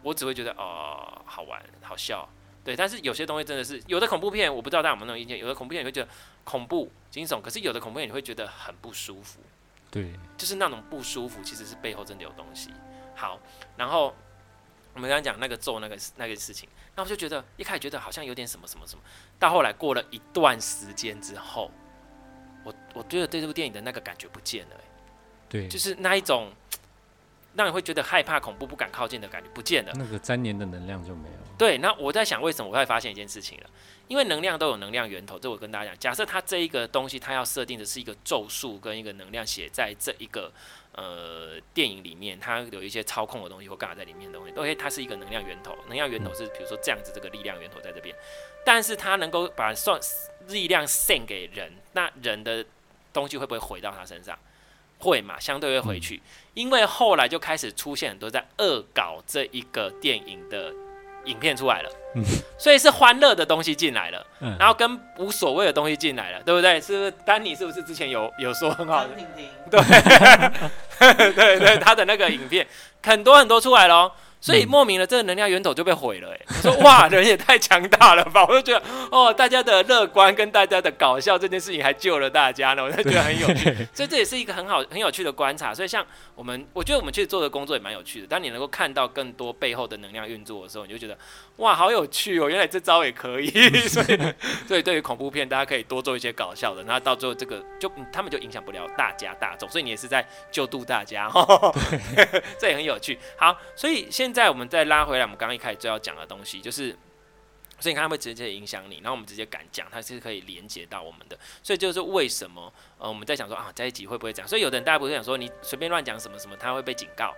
我只會覺得哦、呃，好玩，好笑，對。但是有些東西真的是，有的恐怖片我不知道大家有沒有那種意見，有的恐怖片你會覺得恐怖驚悚，可是有的恐怖片你會覺得很不舒服，對，就是那種不舒服，其實是背後真的有東西。好，然後我們剛剛講那個咒那個那個事情，那我就覺得一開始覺得好像有點什麼什麼什麼，到後來過了一段時間之後。我我覺得對這部電影的那個感覺不見了，對，就是那一種讓你會覺得害怕、恐怖、不敢靠近的感覺不見了。那個粘黏的能量就沒有了。對，那我在想為什麼？我會發現一件事情了，因為能量都有能量源頭。這我跟大家講，假設它這一個東西，它要設定的是一個咒術跟一個能量，寫在這一個呃電影裡面，它有一些操控的東西或幹嘛在裡面的東西，OK，它是一個能量源頭。能量源頭是比如說這樣子，這個力量源頭在這邊，但是它能夠把算。力量獻給人，那人的東西會不會回到他身上？會嘛，相對會回去。嗯、因為後來就開始出現很多在惡搞這一個電影的影片出來了，嗯、所以是歡樂的東西進來了，嗯，然後跟無所謂的東西進來了，嗯，對不對？是不是丹尼是不是之前有有說很好的？婷婷對， 對對對，他的那個影片很多很多出來咯。所以莫名的這個能量源頭就被毀了，誒，我說哇，人也太強大了吧！我就覺得，哦，大家的樂觀跟大家的搞笑這件事情還救了大家呢，我就覺得很有趣，所以這也是一個很好、很有趣的觀察。所以像我們，我覺得我們其實做的工作也蠻有趣的。當你能夠看到更多背後的能量運作的時候，你就覺得。哇，好有趣哦！原來這招也可以， 所以所以對，對於恐怖片，大家可以多做一些搞笑的，那到最後這個就、嗯、他們就影響不了大家大眾，所以你也是在救度大家這也 很有趣。好，所以現在我們再拉回來，我們剛剛一開始就要講的東西，就是所以你看他會直接影響你，然後我們直接敢講，它是可以連接到我們的，所以就是為什麼呃我們在想說啊，這一集會不會講。所以有的人大家不會想說你隨便亂講什麼什麼，他會被警告。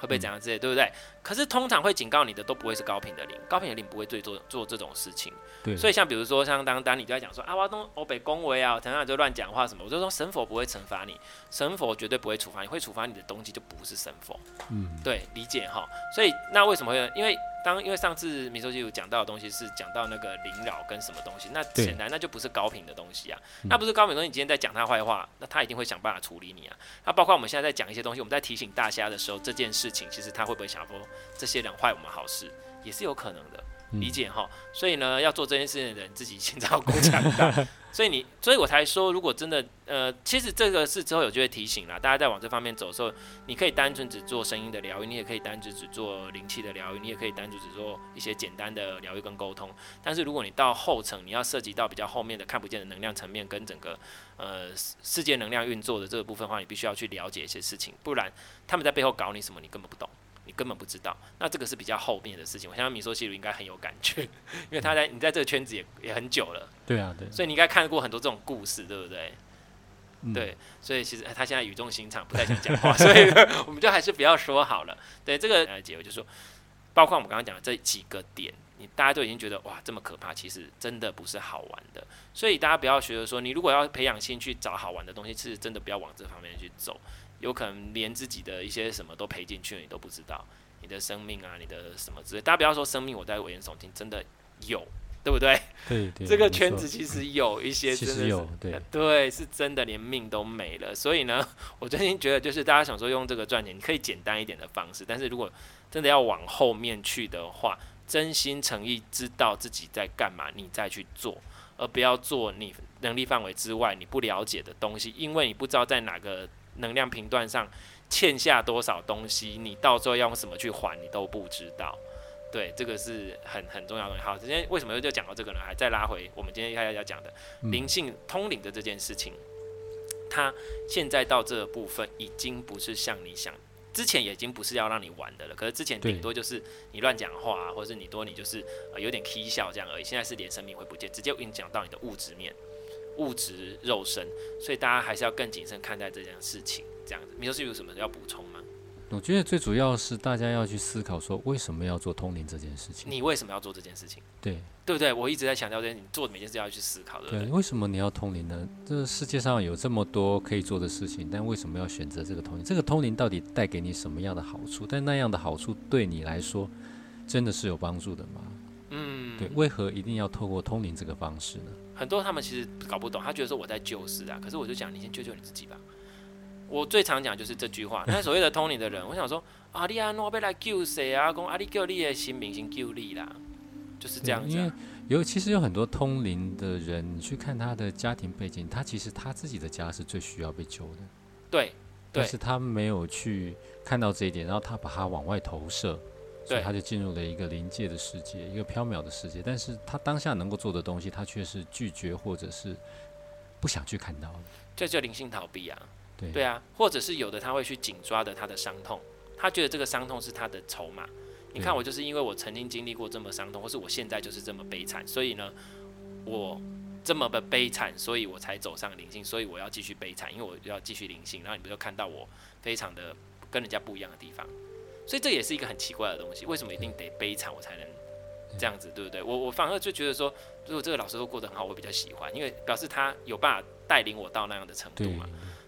會不會怎樣之類，對不對？可是通常會警告你的都不會是高頻的靈，高頻的靈不會對做做做這種事情。對，所以像比如說像當當你就在講說啊，我東歐北恭維啊，我啊我常常就亂講話什麼，我就說神佛不會懲罰你，神佛絕對不會處罰你，會處罰你的東西就不是神佛。嗯，對，理解齁。所以那為什麼會呢？因為。當因為上次米索西就有講到的東西是講到那個領導跟什麼東西，那顯然那就不是高頻的東西啊，那不是高頻東西，你今天在講他壞話，那他一定會想辦法處理你啊。那包括我們現在在講一些東西，我們在提醒大家的時候，這件事情其實他會不會想說，這些人壞我們好事，也是有可能的。理解哈，所以呢，要做這件事情的人自己先照顧強大。 所以你，所以我才說，如果真的，呃，其實這個事之後有機會提醒啦。大家在往這方面走的時候，你可以單純只做聲音的療癒，你也可以單純只做靈氣的療癒，你也可以單純只做一些簡單的療癒跟溝通。但是如果你到後層，你要涉及到比較後面的看不見的能量層面跟整個呃世界能量運作的這個部分的話，你必須要去了解一些事情，不然他們在背後搞你什麼，你根本不懂。你根本不知道，那這個是比較後面的事情。我相信米索西魯應該很有感覺，因為他在 你在這個圈子也也很久了，對啊，對啊，所以你應該看過很多這種故事，對不對？嗯、對，所以其實、呃、他現在語重心長，不太想講話， 所以我們就還是不要說好了。對這個、 啊、結尾就說、是，包括我們剛剛講的這幾個點，你大家都已經覺得哇，這麼可怕，其實真的不是好玩的。所以大家不要覺得說，你如果要培養興趣找好玩的東西，其實真的不要往這方面去走。有可能連自己的一些什麼都賠進去了，你都不知道。你的生命啊，你的什麼之類，大家不要說生命，我在危言聳聽，真的有，對不對？對，對，這個圈子其實有一些，真的是、嗯、其實有，對，對，是真的連命都沒了。所以呢，我最近覺得，就是大家想說用這個賺錢，你可以簡單一點的方式，但是如果真的要往後面去的話，真心誠意知道自己在幹嘛，你再去做，而不要做你能力範圍之外你不了解的東西，因為你不知道在哪個。能量頻段上欠下多少東西，你到時候要用什麼去還，你都不知道。對，這個是很很重要的。好，今天為什麼又就講到這個呢？還再拉回我們今天要要講的靈性通靈的這件事情，嗯、它現在到這個部分已經不是像你想之前，也已經不是要讓你玩的了。可是之前頂多就是你亂講話，啊，或者是你多，你就是、呃、有點 K 笑這樣而已。現在是連生命會不見，直接影響到你的物質面。物質肉身，所以大家還是要更謹慎看待這件事情。這樣子，你說是有什麼要補充嗎？我覺得最主要是大家要去思考，說為什麼要做通靈這件事情？你為什麼要做這件事情？對，對不對？我一直在強調這些，你做每件事要去思考的。對，為什麼你要通靈呢？這世界上有這麼多可以做的事情，但為什麼要選擇這個通靈？這個通靈到底帶給你什麼樣的好處？但那樣的好處對你來說真的是有幫助的嗎？嗯，對，為何一定要透過通靈這個方式呢？很多他們其實搞不懂，他覺得說我在救世啊，可是我就講你先救救你自己吧。我最常講就是這句話。那所謂的通靈的人， 我想說啊，利亞諾貝來救誰啊？公阿利救利的新明星救你啦，就是這樣子啊。因為有其實有很多通靈的人，你去看他的家庭背景，他其實他自己的家是最需要被救的。對，對，但是他沒有去看到這一點，然後他把他往外投射。所以他就進入了一個靈界的世界，一個縹緲的世界。但是他當下能夠做的東西，他卻是拒絕或者是不想去看到。這就靈性逃避啊。對對啊，或者是有的他會去緊抓著他的傷痛，他覺得這個傷痛是他的籌碼。你看我就是因為我曾經經歷過這麼傷痛，或是我現在就是這麼悲慘，所以呢，我這麼的悲慘，所以我才走上靈性，所以我要繼續悲慘，因為我要繼續靈性。然後你不就看到我非常的跟人家不一樣的地方。所以這也是一個很奇怪的東西，為什麼一定得悲慘我才能這樣子，嗯、對不對？我我反而就覺得說，如果這個老師都過得很好，我比較喜歡，因為表示他有辦法帶領我到那樣的程度嘛。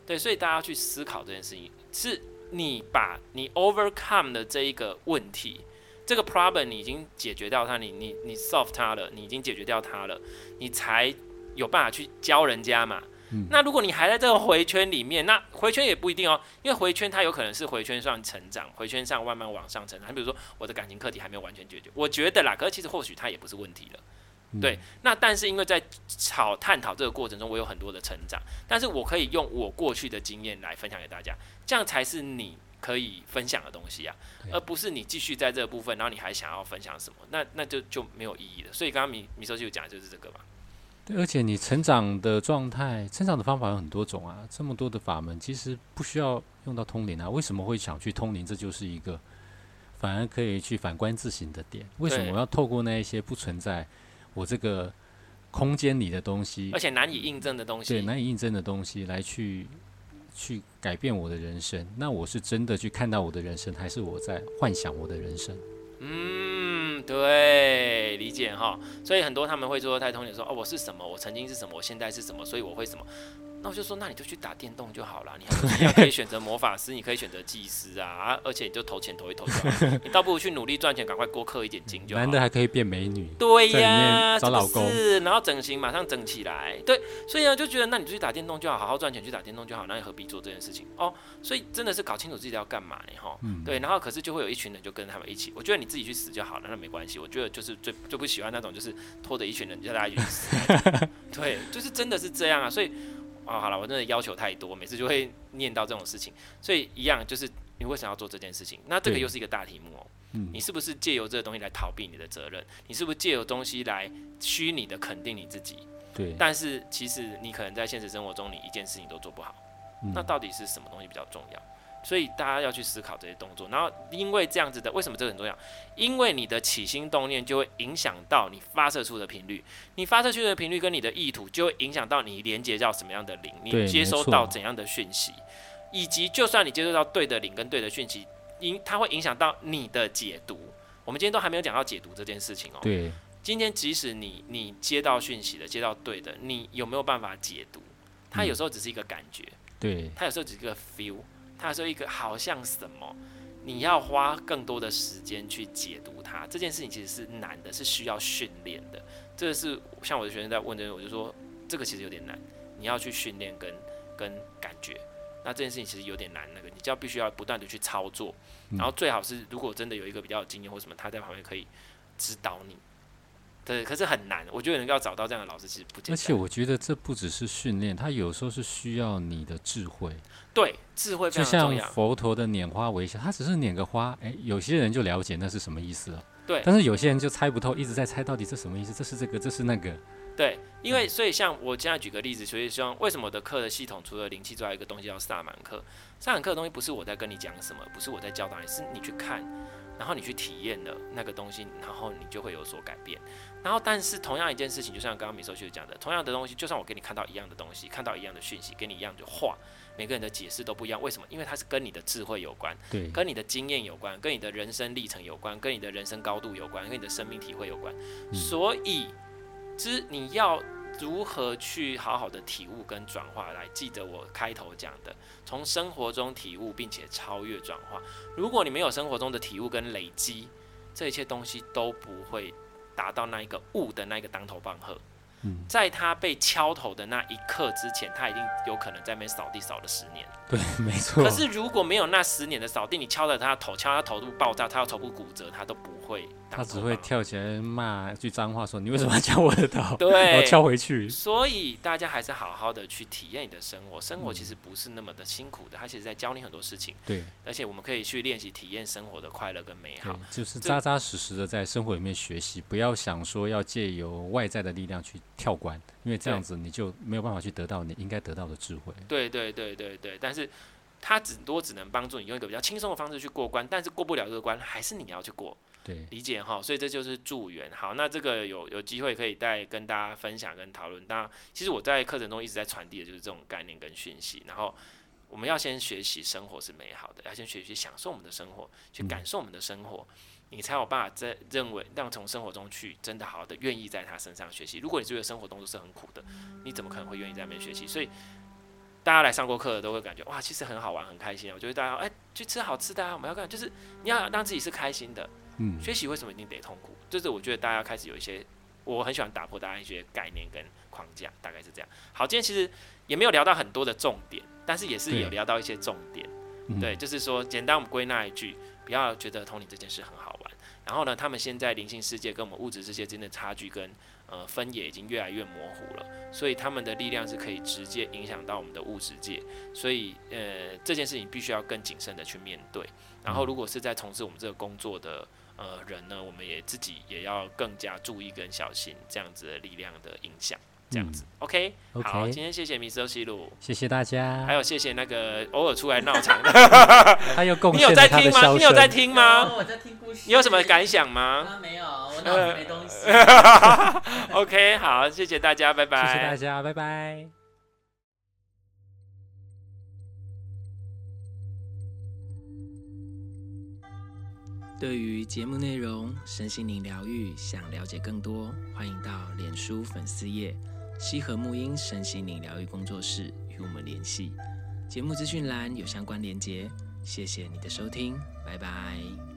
對，對，所以大家要去思考這件事情，是你把你 overcome 的這一個問題，這個 problem 你已經解決掉它，你你你 solve 它了，你已經解決掉它了，你才有辦法去教人家嘛。那如果你還在這個回圈裡面，那回圈也不一定哦，因為回圈它有可能是回圈上成長，回圈上慢慢往上成長。你比如說，我的感情課題還沒有完全解決，我覺得啦，可是其實或許它也不是問題了，嗯。對，那但是因為在炒探討這個過程中，我有很多的成長，但是我可以用我過去的經驗來分享給大家，這樣才是你可以分享的東西啊，而不是你繼續在這個部分，然後你還想要分享什麼，那那就就沒有意義了。所以剛剛米、米索西魯有講的就是這個嘛。對，而且你成長的狀態、成長的方法有很多種啊，這麼多的法門，其實不需要用到通靈啊。為什麼會想去通靈？這就是一個反而可以去反觀自省的點。為什麼我要透過那一些不存在我這個空間裡的東西，而且難以印證的東西，對，難以印證的東西來去去改變我的人生？那我是真的去看到我的人生，還是我在幻想我的人生？嗯。對，理解哈，所以很多他們會做情說，在通靈說哦，我是什麼，我曾經是什麼，我現在是什麼，所以我會什麼。那我就說，那你就去打電動就好了。你還， 你可以選擇魔法師，你可以選擇祭司啊，而且你就投錢投一投， 你倒不如去努力賺錢，趕快多氪一點金就好。男的還可以變美女，對呀，找老公是，然後整形馬上整起來，對。所以呢，就覺得那你就去打電動就好，好好賺錢去打電動就好。那你何必做這件事情哦？所以真的是搞清楚自己要幹嘛呢，哈、嗯，對。然後可是就會有一群人就跟他們一起。我覺得你自己去死就好了，那沒關係。我覺得就是最最不喜歡那種，就是拖着一群人叫大家去死。 對，就是真的是這樣啊，所以。啊、哦，好了，我真的要求太多，每次就會念到這種事情，所以一樣就是你為什麼要做這件事情？那這個又是一個大題目哦。你是不是借由這個東西來逃避你的責任？嗯、你是不是借由東西來虛擬的肯定你自己？對。但是其實你可能在現實生活中，你一件事情都做不好。嗯。那到底是什麼東西比較重要？所以大家要去思考這些動作，然後因為這樣子的，為什麼這個很重要？因為你的起心動念就會影響到你發射出的頻率，你發射出的頻率跟你的意圖就會影響到你連接到什麼樣的靈，你接收到怎樣的訊息，以及就算你接收到對的靈跟對的訊息，因它會影響到你的解讀。我們今天都還沒有講到解讀這件事情哦、喔。對。今天即使你你接到訊息的接到對的，你有沒有辦法解讀？它有時候只是一個感覺，嗯、對，它有時候只是一個 feel。他說一個好像什麼，你要花更多的時間去解讀它。這件事情其實是難的，是需要訓練的。這個是像我的學生在問的時候，我就說這個其實有點難，你要去訓練跟跟感覺。那這件事情其實有點難，那個你就要必須要不斷的去操作。然後最好是如果真的有一個比較有經驗或什麼，他在旁邊可以指導你。對，可是很難。我覺得能夠找到這樣的老師其實不。而且我覺得這不只是訓練，他有時候是需要你的智慧。對，智慧非常重要。就像佛陀的拈花微笑，他只是拈個花，哎，有些人就了解那是什麼意思了。對。但是有些人就猜不透，一直在猜到底這什麼意思？這是這個，這是那個。對，因為所以像我現在舉個例子，所以希望為什麼我的課的系統除了靈氣之外，一個東西叫薩滿課。薩滿課的東西不是我在跟你講什麼，不是我在教導你，是你去看，然後你去體驗的那個東西，然後你就會有所改變。然後，但是同樣一件事情，就像剛剛米索西魯講的，同樣的東西，就算我給你看到一樣的東西，看到一樣的訊息，給你一樣的話，每個人的解釋都不一樣。為什麼？因為它是跟你的智慧有關，對，跟你的經驗有關，跟你的人生歷程有關，跟你的人生高度有關，跟你的生命體會有關。嗯，所以，之你要如何去好好的體悟跟轉化，來記得我開頭講的，從生活中體悟，並且超越轉化。如果你沒有生活中的體悟跟累積，這一切東西都不會。達到那一個悟的那一個當頭棒喝、嗯，在他被敲頭的那一刻之前，他一定有可能在那邊掃地掃了十年。對，沒錯。可是如果沒有那十年的掃地，你敲了他頭，敲他頭都爆炸，他要頭部骨折，他都不會，他只會跳起來罵句髒話，說：“你為什麼要敲我的頭？”對，然後敲回去。所以大家還是好好的去體驗你的生活，生活其實不是那麼的辛苦的，嗯、他其實在教你很多事情。對，而且我們可以去練習體驗生活的快樂跟美好。就是扎扎實實的在生活裡面學習，不要想說要借由外在的力量去跳關，因為這樣子你就沒有辦法去得到你應該得到的智慧。對對對對對，對，但是。他只多只能幫助你用一個比較輕鬆的方式去過關，但是過不了這個關，還是你要去過。對，理解哈。所以這就是助緣。好，那這個有有機會可以再跟大家分享跟討論。當然，其實我在課程中一直在傳遞的就是這種概念跟訊息。然後，我們要先學習生活是美好的，要先學習享受我們的生活，去感受我們的生活，嗯、你才有辦法在認為讓從生活中去真的好好的願意在他身上學習。如果你覺得生活當中是很苦的，你怎麼可能會願意在那邊學習？所以。大家來上過課的都會感覺哇，其實很好玩，很開心啊！我覺得大家哎、欸，去吃好吃的啊，我們要幹就是你要讓自己是開心的。嗯，學習為什麼一定得痛苦？就是我覺得大家開始有一些，我很喜歡打破大家一些概念跟框架，大概是這樣。好，今天其實也沒有聊到很多的重點，但是也是有聊到一些重點。對，對嗯、就是說簡單我們歸納一句，不要覺得通靈這件事很好玩。然後呢，他們現在靈性世界跟我們物質世界之間的差距跟呃，分野已經越來越模糊了，所以他們的力量是可以直接影響到我們的物質界，所以呃，這件事情必須要更謹慎的去面對。然後，如果是在從事我們這個工作的呃人呢，我們也自己也要更加注意跟小心這樣子的力量的影響。這樣子、嗯、okay, okay,OK，好，今天謝謝米索西魯，謝謝大家，還有謝謝那個偶爾出來鬧場的， 他又貢獻他的笑聲。你有在聽嗎？你有在聽嗎？我在聽故事。你有什麼感想嗎？啊、沒有，我腦沒東西。 OK，好，謝謝大家， 拜拜。謝謝大家，拜拜。對於節目內容，身心靈療癒，想了解更多，歡迎到臉書粉絲頁，曦和沐音身心靈療癒工作室與我們聯繫，節目資訊欄有相關連結。謝謝你的收聽，拜拜。